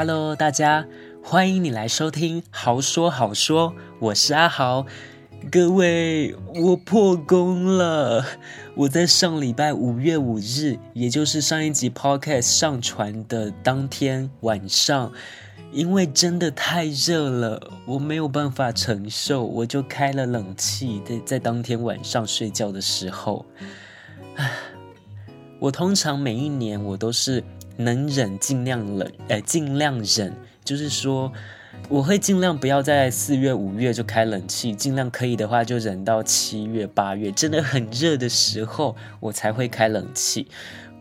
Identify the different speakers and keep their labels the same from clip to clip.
Speaker 1: Hello，大家，歡迎你來收聽《豪說豪說》，我是阿豪。各位，我破功了。我在上禮拜五月五日，也就是上一集 Podcast 上傳的當天晚上，因為真的太熱了，我沒有辦法承受，我就開了冷氣在。在在當天晚上睡覺的時候，唉，我通常每一年我都是。能忍儘量忍，哎、呃，儘量忍，就是說，我會儘量不要在四月、五月就開冷氣，儘量可以的話就忍到七月、八月，真的很熱的時候，我才會開冷氣。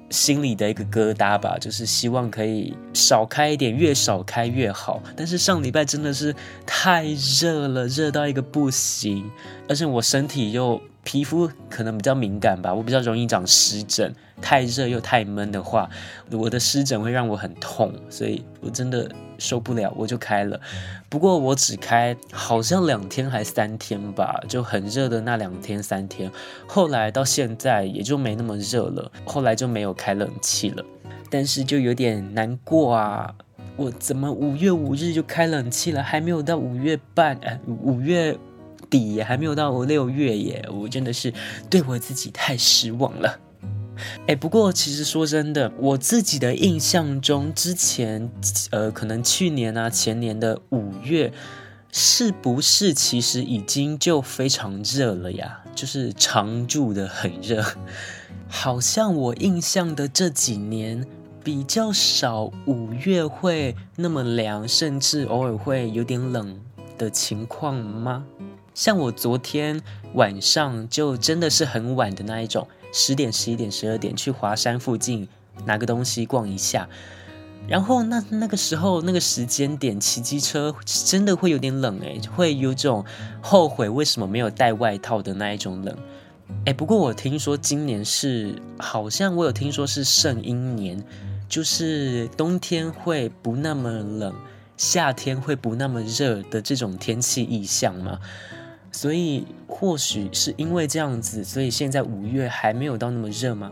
Speaker 1: 心裡的一個疙瘩吧，就是希望可以少開一點，越少開越好。但是上禮拜真的是太熱了，熱到一個不行。而且我身體又皮膚可能比較敏感吧，我比較容易長濕疹，太熱又太悶的話，我的濕疹會讓我很痛，所以我真的。受不了，我就開了。不過我只開好像兩天還三天吧，就很熱的那兩天三天。後來到現在也就沒那麼熱了，後來就沒有開冷氣了。但是就有點難過啊！我怎麼五月五日就開冷氣了？還沒有到五月半、呃、五月底還沒有到六月耶！我真的是對我自己太失望了。哎、欸，不過其實說真的，我自己的印象中，之前呃，可能去年啊、前年的五月，是不是其實已經就非常熱了呀？就是常住的很熱，好像我印象的這幾年比較少，五月會那麼涼，甚至偶爾會有點冷的情況嗎？像我昨天晚上就真的是很晚的那一種。十點、十一點、十二點去華山附近拿個東西逛一下，然後那那個時候那個時間點騎機車真的會有點冷誒、欸，會有種後悔為什麼沒有帶外套的那一種冷誒、欸。不過我聽說今年是好像我有聽說是聖嬰年，就是冬天會不那麼冷，夏天會不那麼熱的這種天氣異象嘛。所以或許是因為這樣子，所以現在五月還沒有到那麼熱嗎？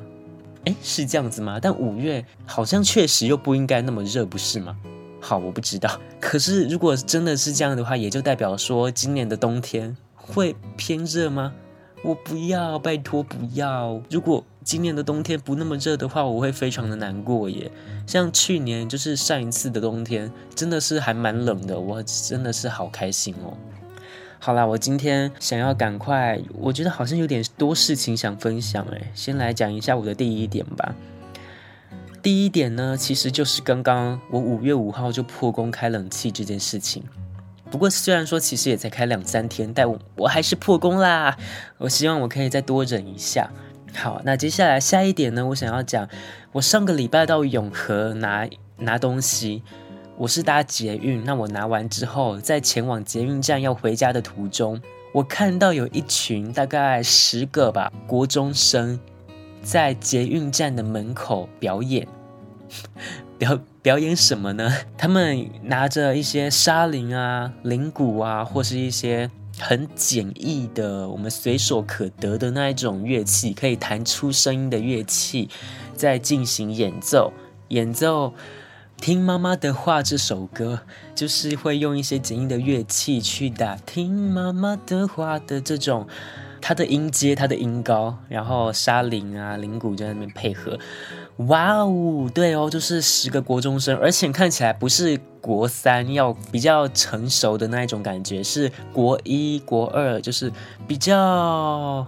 Speaker 1: 誒，是這樣子嗎？但五月好像確實又不應該那麼熱，不是嗎？好，我不知道。可是如果真的是這樣的話，也就代表說今年的冬天會偏熱嗎？我不要，拜托不要。如果今年的冬天不那麼熱的話，我會非常的難過耶。像去年就是上一次的冬天，真的是還蠻冷的，我真的是好開心哦。好啦，我今天想要趕快，我覺得好像有點多事情想分享誒，先來講一下我的第一點吧。第一點呢，其實就是剛剛我五月五號就破功開冷氣這件事情。不過雖然說其實也才開兩三天，但我我還是破功啦。我希望我可以再多忍一下。好，那接下來下一點呢，我想要講，我上個禮拜到永和拿拿東西。我是搭捷運，那我拿完之後，在前往捷運站要回家的途中，我看到有一群大概十個吧，國中生，在捷運站的門口表演，表表演什麼呢？他們拿着一些沙鈴啊、鈴鼓啊，或是一些很簡易的我們隨手可得的那一種樂器，可以彈出聲音的樂器，在進行演奏，演奏。聽媽媽的話這首歌，就是會用一些簡易的樂器去打。聽媽媽的話的這種，它的音階、它的音高，然後沙鈴啊、鈴鼓就在那邊配合。哇哦，對哦，就是十個國中生，而且看起來不是國三，要比較成熟的那一種感覺，是國一、國二，就是比較。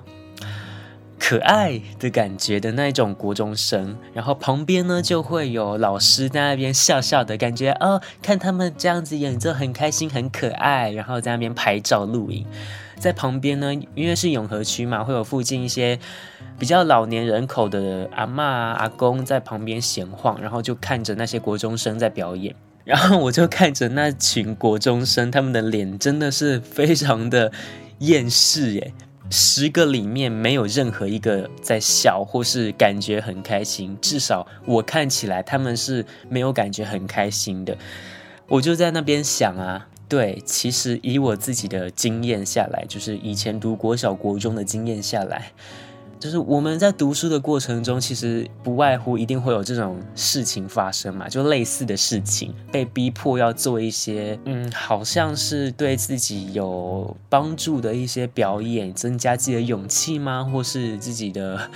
Speaker 1: 可愛的感覺的那種國中生，然後旁邊呢就會有老師在那邊笑笑的感覺哦，看他們這樣子演着很開心，很可愛，然後在那邊拍照錄影。在旁邊呢，因為是永和區嘛，會有附近一些比較老年人口的阿嬤，啊、阿公在旁邊閒晃，然後就看着那些國中生在表演，然後我就看着那群國中生，他們的臉真的是非常的厭世耶。十個裡面沒有任何一個在笑，或是感覺很開心。至少我看起來，他們是沒有感覺很開心的。我就在那邊想啊，對，其實以我自己的經驗下來，就是以前讀國小、國中的經驗下來。就是我們在讀書的過程中，其實不外乎一定會有這種事情發生嘛，就類似的事情，被逼迫要做一些，嗯，好像是對自己有幫助的一些表演，增加自己的勇氣嗎，或是自己的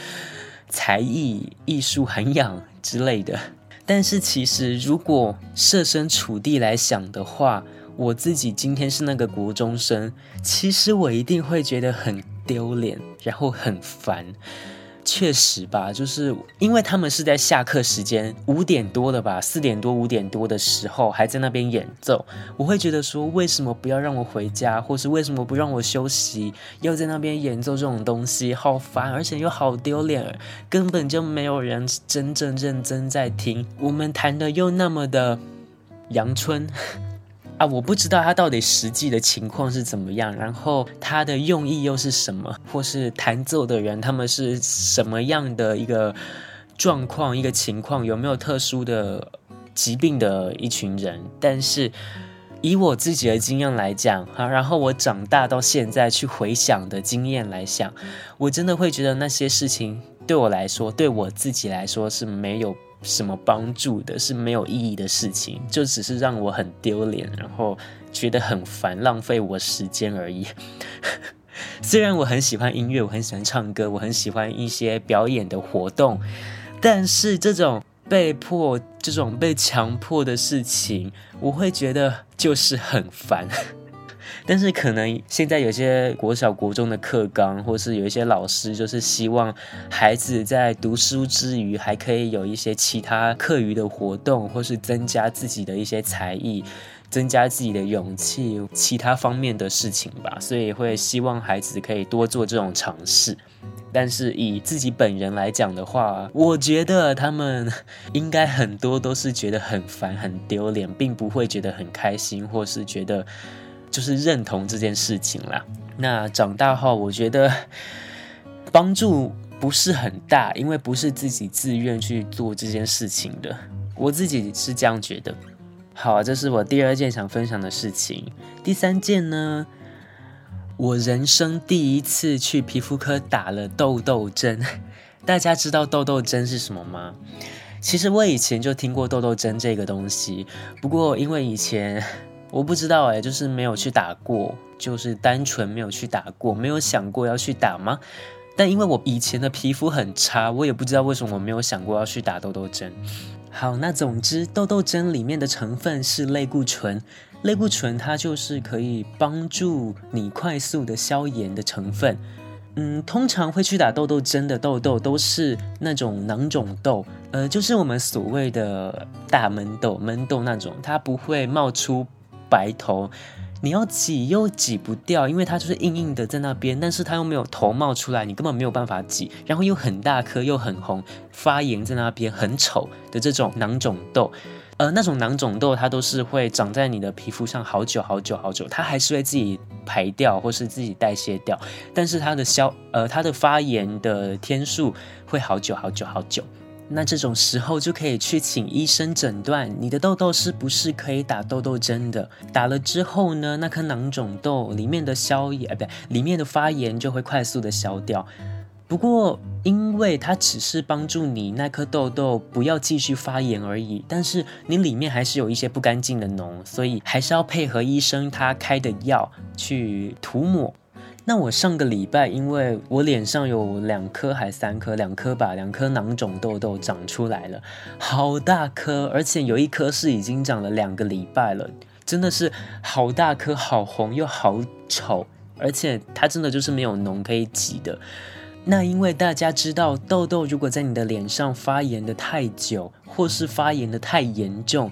Speaker 1: 才藝、藝術涵養之類的。但是其實，如果設身處地來想的話，我自己今天是那個國中生，其實我一定會覺得很。丟臉，然後很煩。確實吧，就是因為他們是在下課時間五點多的吧，四點多五點多的時候還在那邊演奏，我會覺得說，為什麼不要讓我回家，或是為什麼不讓我休息，要在那邊演奏這種東西，好煩，而且又好丟臉，根本就沒有人真正認真在聽，我們彈的又那麼的陽春。啊、我不知道他到底實際的情況是怎麼樣，然後他的用意又是什麼，或是彈奏的人他們是什麼樣的一個狀況、一個情況，有沒有特殊的疾病的一群人？但是以我自己的經驗來講，啊，然後我長大到現在去回想的經驗來想，我真的會覺得那些事情對我來說，對我自己來說是沒有。什麼幫助的，是沒有意義的事情，就只是讓我很丟臉，然後覺得很煩，浪費我時間而已。 雖然我很喜歡音樂，我很喜歡唱歌，我很喜歡一些表演的活動，但是這種被迫、這種被強迫的事情，我會覺得就是很煩。但是可能現在有些國小國中的課綱，或是有一些老師，就是希望孩子在讀書之餘，還可以有一些其他課餘的活動，或是增加自己的一些才藝，增加自己的勇氣，其他方面的事情吧。所以會希望孩子可以多做這種嘗試。但是以自己本人來講的話，我覺得他們應該很多都是覺得很煩、很丟臉，並不會覺得很開心，或是覺得。就是認同這件事情啦。那長大後，我覺得幫助不是很大，因為不是自己自願去做這件事情的。我自己是這樣覺得。好，這是我第二件想分享的事情。第三件呢，我人生第一次去皮膚科打了痘痘針。大家知道痘痘針是什麼嗎？其實我以前就聽過痘痘針這個東西，不過因為以前。我不知道誒，就是沒有去打過，就是單純沒有去打過，沒有想過要去打嗎？但因為我以前的皮膚很差，我也不知道為什麼我沒有想過要去打痘痘針。好，那總之，痘痘針裡面的成分是類固醇，類固醇它就是可以幫助你快速的消炎的成分。嗯，通常會去打痘痘針的痘痘都是那種囊腫痘，呃，就是我們所謂的大悶痘、悶痘那種，它不會冒出。白頭，你要擠又擠不掉，因為它就是硬硬的在那邊，但是它又沒有頭冒出來，你根本沒有辦法擠。然後又很大顆，又很紅，發炎在那邊，很醜的這種囊腫痘。呃，那種囊腫痘它都是會長在你的皮膚上好久好久好久，它還是會自己排掉或是自己代謝掉，但是它的消，呃，它的發炎的天數會好久好久好久。那這種時候就可以去請醫生診斷，你的痘痘是不是可以打痘痘針的？打了之後呢，那顆囊腫痘裡面的消炎，啊，不對，裡面的發炎就會快速的消掉。不過，因為它只是幫助你那顆痘痘不要繼續發炎而已，但是你裡面還是有一些不乾淨的膿，所以還是要配合醫生他開的藥去塗抹。那我上個禮拜，因為我臉上有兩顆還三顆，兩顆吧，兩顆囊腫痘痘長出來了，好大顆，而且有一顆是已經長了兩個禮拜了，真的是好大顆，好紅又好醜，而且它真的就是沒有膿可以擠的。那因為大家知道，痘痘如果在你的臉上發炎得太久，或是發炎得太嚴重，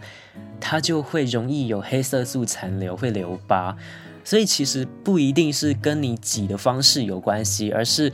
Speaker 1: 它就會容易有黑色素殘留，會留疤。所以其實不一定是跟你擠的方式有關係，而是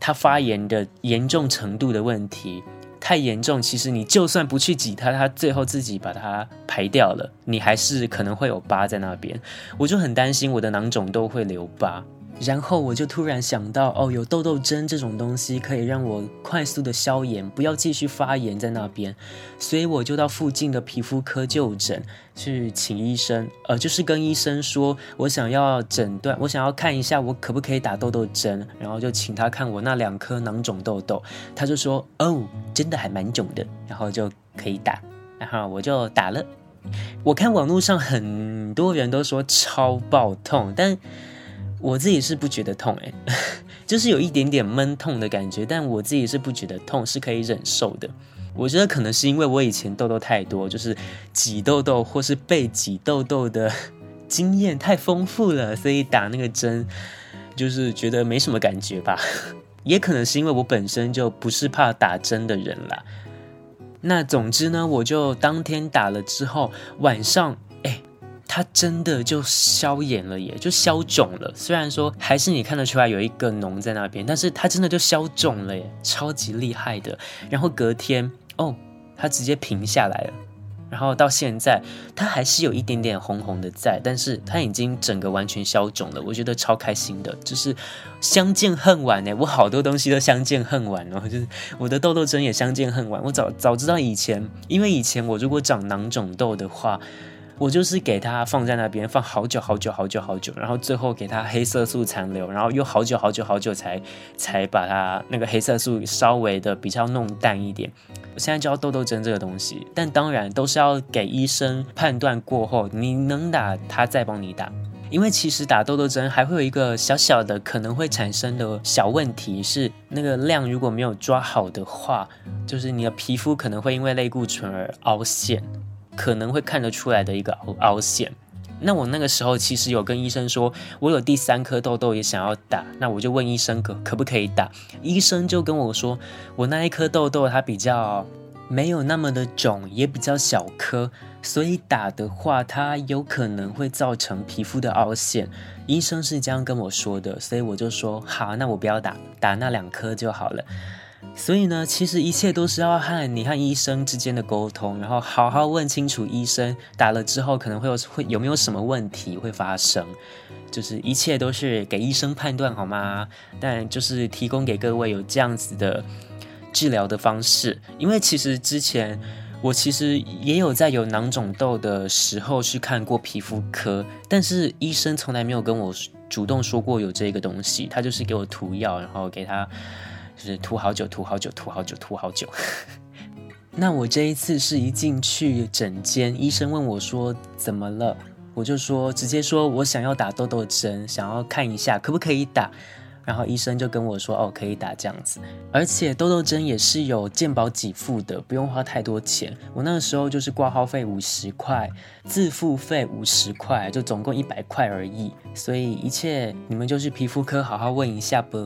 Speaker 1: 它發炎的嚴重程度的問題。太嚴重，其實你就算不去擠它，它最後自己把它排掉了，你還是可能會有疤在那邊。我就很擔心，我的囊腫都會留疤。然後我就突然想到，哦，有痘痘針這種東西可以讓我快速的消炎，不要繼續發炎在那邊。所以我就到附近的皮膚科就診，去請醫生，呃，就是跟醫生說我想要診斷，我想要看一下我可不可以打痘痘針，然後就請他看我那兩顆囊腫痘痘。他就說，哦，真的還蠻腫的，然後就可以打，然後我就打了。我看網絡上很多人都說超爆痛，但。我自己是不覺得痛誒，就是有一點點悶痛的感覺，但我自己是不覺得痛，是可以忍受的。我覺得可能是因為我以前痘痘太多，就是擠痘痘或是被擠痘痘的經驗太豐富了，所以打那個針就是覺得沒什麼感覺吧。也可能是因為我本身就不是怕打針的人啦。那總之呢，我就當天打了之後，晚上。它真的就消炎了耶，也就消腫了。雖然說還是你看得出來有一個膿在那邊，但是它真的就消腫了，耶，超級厲害的。然後隔天哦，它直接平下來了。然後到現在，它還是有一點點紅紅的在，但是它已經整個完全消腫了。我覺得超開心的，就是相見恨晚哎，我好多東西都相見恨晚哦，就是我的痘痘針也相見恨晚。我早早知道以前，因為以前我如果長囊腫痘的話。我就是給它放在那邊放好久好久好久好久，然後最後給它黑色素殘留，然後又好久好久好久才才把它那個黑色素稍微的比較弄淡一點。我現在就要痘痘針這個東西，但當然都是要給醫生判斷過後，你能打他再幫你打，因為其實打痘痘針還會有一個小小的可能會產生的小問題是，那個量如果沒有抓好的話，就是你的皮膚可能會因為類固醇而凹陷。可能會看得出來的一個凹凹陷，那我那個時候其實有跟醫生說，我有第三顆痘痘也想要打，那我就問醫生可可不可以打，醫生就跟我說，我那一顆痘痘它比較沒有那麼的腫，也比較小顆，所以打的話它有可能會造成皮膚的凹陷，醫生是這樣跟我說的，所以我就說好，那我不要打，打那兩顆就好了。所以呢，其實一切都是要和你和醫生之間的溝通，然後好好問清楚醫生打了之後可能會有會有沒有什麼問題會發生，就是一切都是給醫生判斷好嗎？但就是提供給各位有這樣子的治療的方式，因為其實之前我其實也有在有囊腫痘的時候去看過皮膚科，但是醫生從來沒有跟我主動說過有這個東西，他就是給我塗藥，然後給他。就是塗好久，塗好久，塗好久，塗好久。 那我這一次是一進去診間，醫生問我說怎麼了，我就說直接說我想要打痘痘針，想要看一下可不可以打。然後醫生就跟我說哦可以打這樣子，而且痘痘針也是有健保給付的，不用花太多錢。我那個時候就是掛號費五十塊，自付費五十塊，就總共一百塊而已。所以一切你們就去皮膚科好好問一下吧。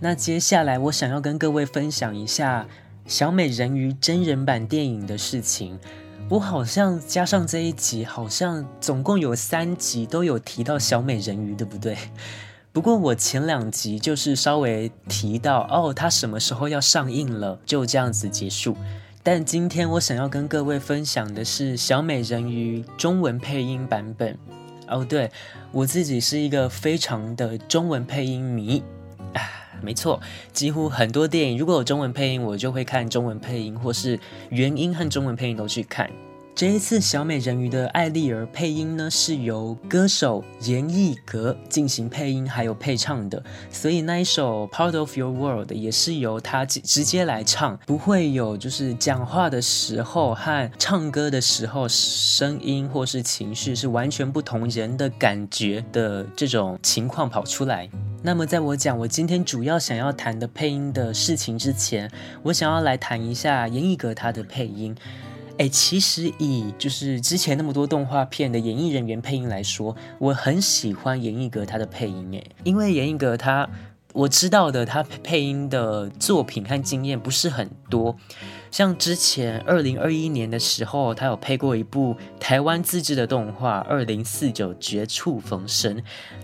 Speaker 1: 那接下來我想要跟各位分享一下《小美人魚》真人版電影的事情。我好像加上這一集，好像總共有三集都有提到小美人魚，對不對？不過我前兩集就是稍微提到哦，它什麼時候要上映了，就這樣子結束。但今天我想要跟各位分享的是《小美人魚》中文配音版本。哦，對，我自己是一個非常的中文配音迷啊。沒錯，幾乎很多電影如果有中文配音，我就會看中文配音，或是原音和中文配音都去看。這一次小美人魚的艾莉兒配音呢，是由歌手閻奕格進行配音，還有配唱的，所以那一首 Part of Your World 也是由她直接來唱，不會有就是講話的時候和唱歌的時候聲音或是情緒是完全不同人的感覺的這種情況跑出來。那麼在我講我今天主要想要談的配音的事情之前，我想要來談一下閻奕格他的配音。哎、欸，其實以就是之前那麼多動畫片的演藝人員配音來說，我很喜歡閻奕格他的配音哎，因為閻奕格他我知道的他配音的作品和經驗不是很多，像之前二零二一年的時候，他有配過一部台灣自制的動畫《二零四九絕處逢生》，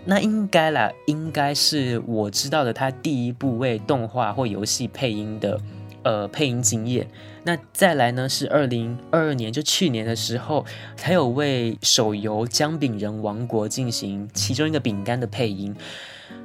Speaker 1: 那應該啦，應該是我知道的他第一部為動畫或遊戲配音的。呃，配音經驗。那再來呢？是二零二二年，就去年的時候，才有為手遊《薑餅人王國》進行其中一個餅乾的配音。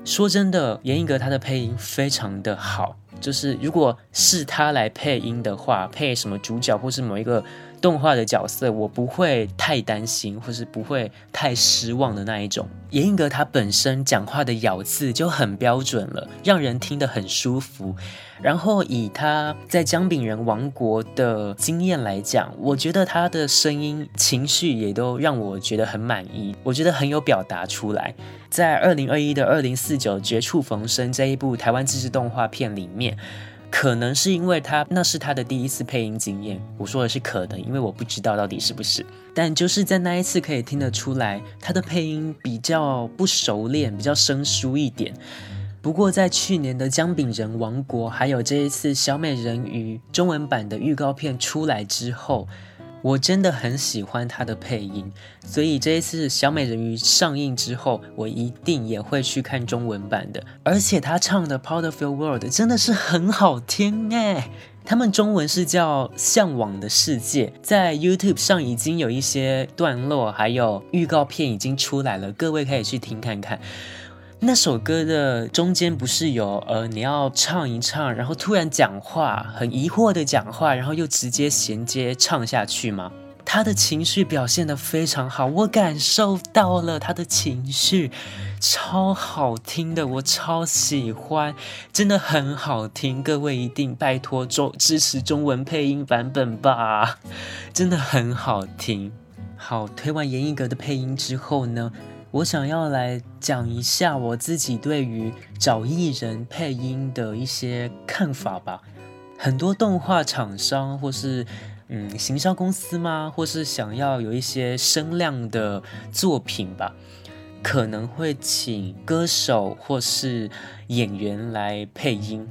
Speaker 1: 說真的，閻奕格他的配音非常的好，就是如果是他來配音的話，配什麼主角或是某一個。動畫的角色，我不會太擔心，或是不會太失望的那一種。閻奕格他本身講話的咬字就很標準了，讓人聽得很舒服。然後以他在薑餅人王國的經驗來講，我覺得他的聲音、情緒也都讓我覺得很滿意。我覺得很有表達出來，在二零二一的二零四九絕處逢生這一部台灣自製動畫片裡面。可能是因為他，那是他的第一次配音經驗，我說的是可能，因為我不知道到底是不是，但就是在那一次可以聽得出來他的配音比較不熟練，比較生疏一點。不過在去年的《薑餅人王國》還有這一次《小美人魚》中文版的預告片出來之後，我真的很喜歡他的配音，所以這一次小美人魚上映之後，我一定也會去看中文版的。而且他唱的《Part of Your World》真的是很好聽誒，他們中文是叫《向往的世界》。在 YouTube 上已經有一些段落，還有預告片已經出來了，各位可以去聽看看。那首歌的中間不是有，呃，你要唱一唱，然後突然講話，很疑惑的講話，然後又直接銜接唱下去嗎？他的情緒表現得非常好，我感受到了他的情緒，超好聽的，我超喜歡，真的很好聽。各位一定拜托中支持中文配音版本吧，真的很好聽。好，推完閻奕格的配音之後呢，我想要來講一下我自己對於找藝人配音的一些看法吧。很多動畫廠商或是嗯行銷公司嘛，或是想要有一些聲量的作品吧，可能會請歌手或是演員來配音。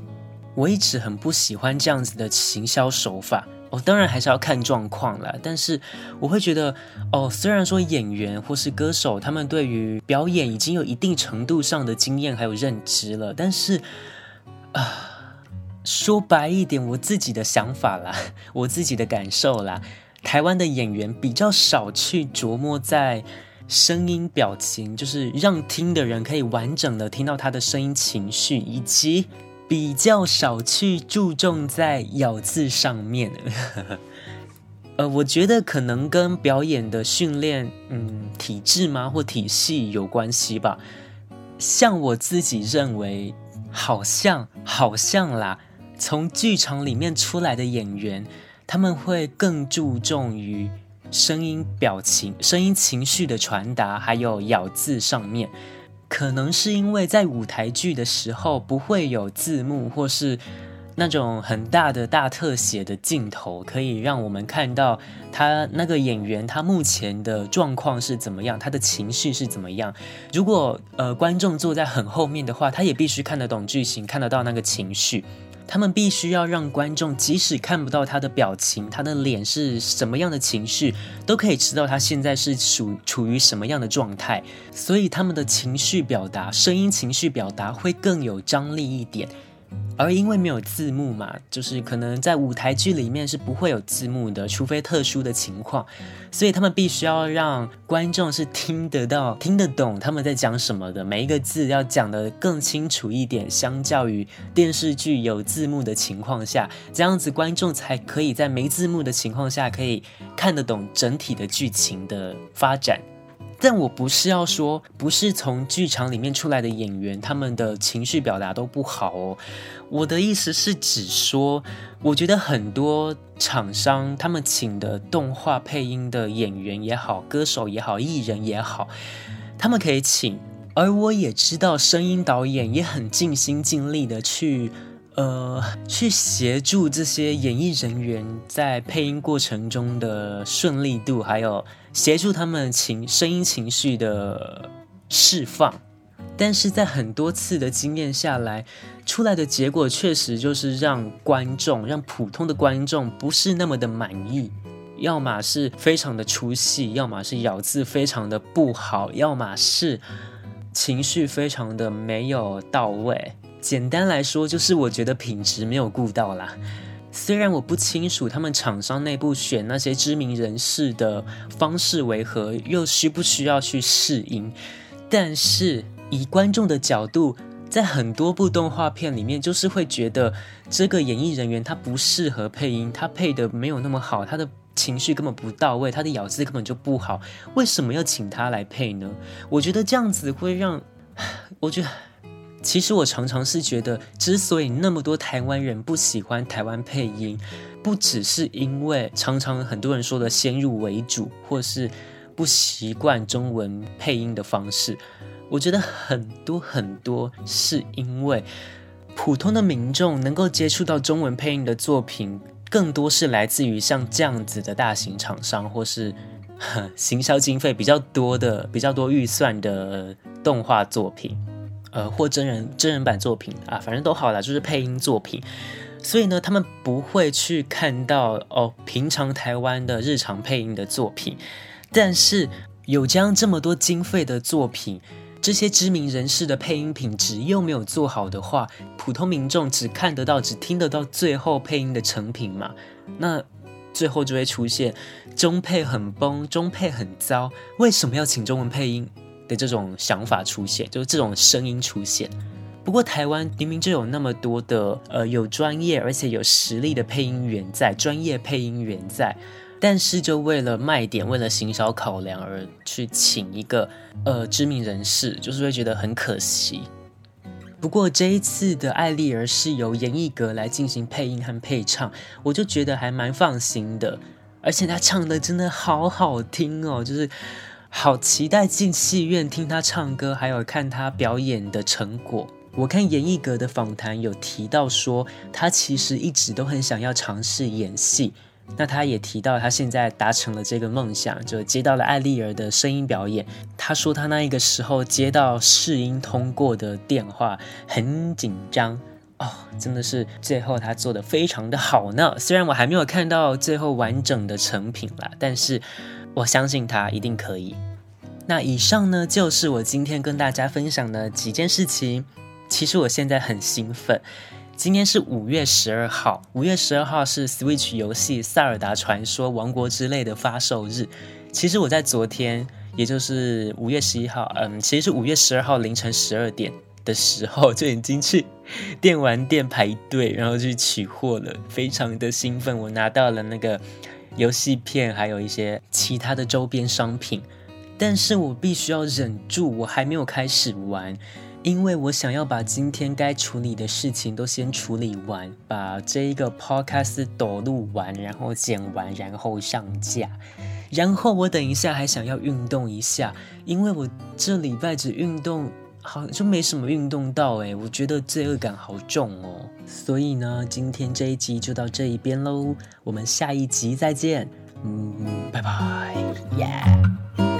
Speaker 1: 我一直很不喜歡這樣子的行銷手法。哦，當然還是要看狀況啦。但是我會覺得，哦，雖然說演員或是歌手他們對於表演已經有一定程度上的經驗還有認知了，但是啊，說白一點，我自己的想法啦，我自己的感受啦，台灣的演員比較少去琢磨在聲音、表情，就是讓聽的人可以完整的聽到他的聲音、情緒以及。比較少去注重在咬字上面， 呃，我覺得可能跟表演的訓練，嗯，體質嗎或體系有關係吧。像我自己認為，好像好像啦，從劇場裡面出來的演員，他們會更注重於聲音表情、聲音情緒的傳達，還有咬字上面。可能是因為在舞台劇的時候，不會有字幕或是那種很大的大特寫的鏡頭，可以讓我們看到他那個演員他目前的狀況是怎麼樣，他的情緒是怎麼樣。如果呃觀眾坐在很後面的話，他也必須看得懂劇情，看得到那個情緒。他們必須要讓觀眾，即使看不到他的表情，他的臉是什麼樣的情緒，都可以知道他現在是處處，處於什麼樣的狀態。所以，他們的情緒表達、聲音情緒表達會更有張力一點。而因為沒有字幕嘛，就是可能在舞台劇裡面是不會有字幕的，除非特殊的情況，所以他們必須要讓觀眾是聽得到、聽得懂他們在講什麼的，每一個字要講得更清楚一點，相較於電視劇有字幕的情況下，這樣子觀眾才可以在沒字幕的情況下可以看得懂整體的劇情的發展。但我不是要說，不是從劇場裡面出來的演員，他們的情緒表達都不好哦。我的意思是，只說我覺得很多廠商他們請的動畫配音的演員也好，歌手也好，藝人也好，他們可以請。而我也知道，聲音導演也很盡心盡力的去，呃，去協助這些演藝人員在配音過程中的順利度，還有。協助他們情聲音情緒的釋放，但是在很多次的經驗下來，出來的結果確實就是讓觀眾，讓普通的觀眾不是那麼的滿意，要麼是非常的出戲，要麼是咬字非常的不好，要麼是情緒非常的沒有到位。簡單來說，就是我覺得品質沒有顧到啦。雖然我不清楚他們廠商內部選那些知名人士的方式為何，又需不需要去試音，但是以觀眾的角度，在很多部動畫片裡面，就是會覺得這個演藝人員他不適合配音，他配的沒有那麼好，他的情緒根本不到位，他的咬字根本就不好，為什麼要請他來配呢？我覺得這樣子會讓，我覺得。其實我常常是覺得，之所以那麼多台灣人不喜歡台灣配音，不只是因為常常很多人說的先入為主，或是不習慣中文配音的方式。我覺得很多很多是因為普通的民眾能夠接觸到中文配音的作品，更多是來自於像這樣子的大型廠商，或是呵，行銷經費比較多的、比較多預算的動畫作品。呃，或真人真人版作品啊，反正都好啦，就是配音作品。所以呢，他們不會去看到哦，平常台灣的日常配音的作品。但是有這樣這麼多經費的作品，這些知名人士的配音品質又沒有做好的話，普通民眾只看得到、只聽得到最後配音的成品嘛，那最後就會出現中配很崩、中配很糟。為什麼要請中文配音？的這種想法出現，就是這種聲音出現。不過台灣明明就有那麼多的呃有專業而且有實力的配音員在，專業配音員在，但是就為了賣點，為了行銷考量而去請一個呃知名人士，就是會覺得很可惜。不過這一次的艾莉兒是由閻奕格來進行配音和配唱，我就覺得還蠻放心的，而且她唱的真的好好聽哦，就是。好期待進戲院聽他唱歌，還有看他表演的成果。我看閻奕格的訪談有提到說，他其實一直都很想要嘗試演戲。那他也提到，他現在達成了這個夢想，就接到了艾莉兒的聲音表演。他說他那一個時候接到試音通過的電話，很緊張哦，真的是。最後他做得非常的好呢。雖然我還沒有看到最後完整的成品啦，但是。我相信他一定可以。那以上呢，就是我今天跟大家分享的幾件事情。其實我現在很興奮，今天是五月十二號，五月十二號是 Switch 遊戲《薩爾達傳說：王國之淚》的發售日。其實我在昨天，也就是五月十一號，嗯，其實是五月十二號凌晨十二點的時候，就已經去電玩店排隊，然後去取貨了，非常的興奮。我拿到了那個。遊戲片還有一些其他的周邊商品，但是我必須要忍住，我還沒有開始玩，因為我想要把今天該處理的事情都先處理完，把這一個 podcast 都錄完，然後剪完，然後上架，然後我等一下還想要運動一下，因為我這禮拜只運動。好像就沒什麼運動到哎，我覺得罪惡感好重哦。所以呢，今天這一集就到這一邊嘍，我們下一集再見，嗯，拜拜，耶，yeah。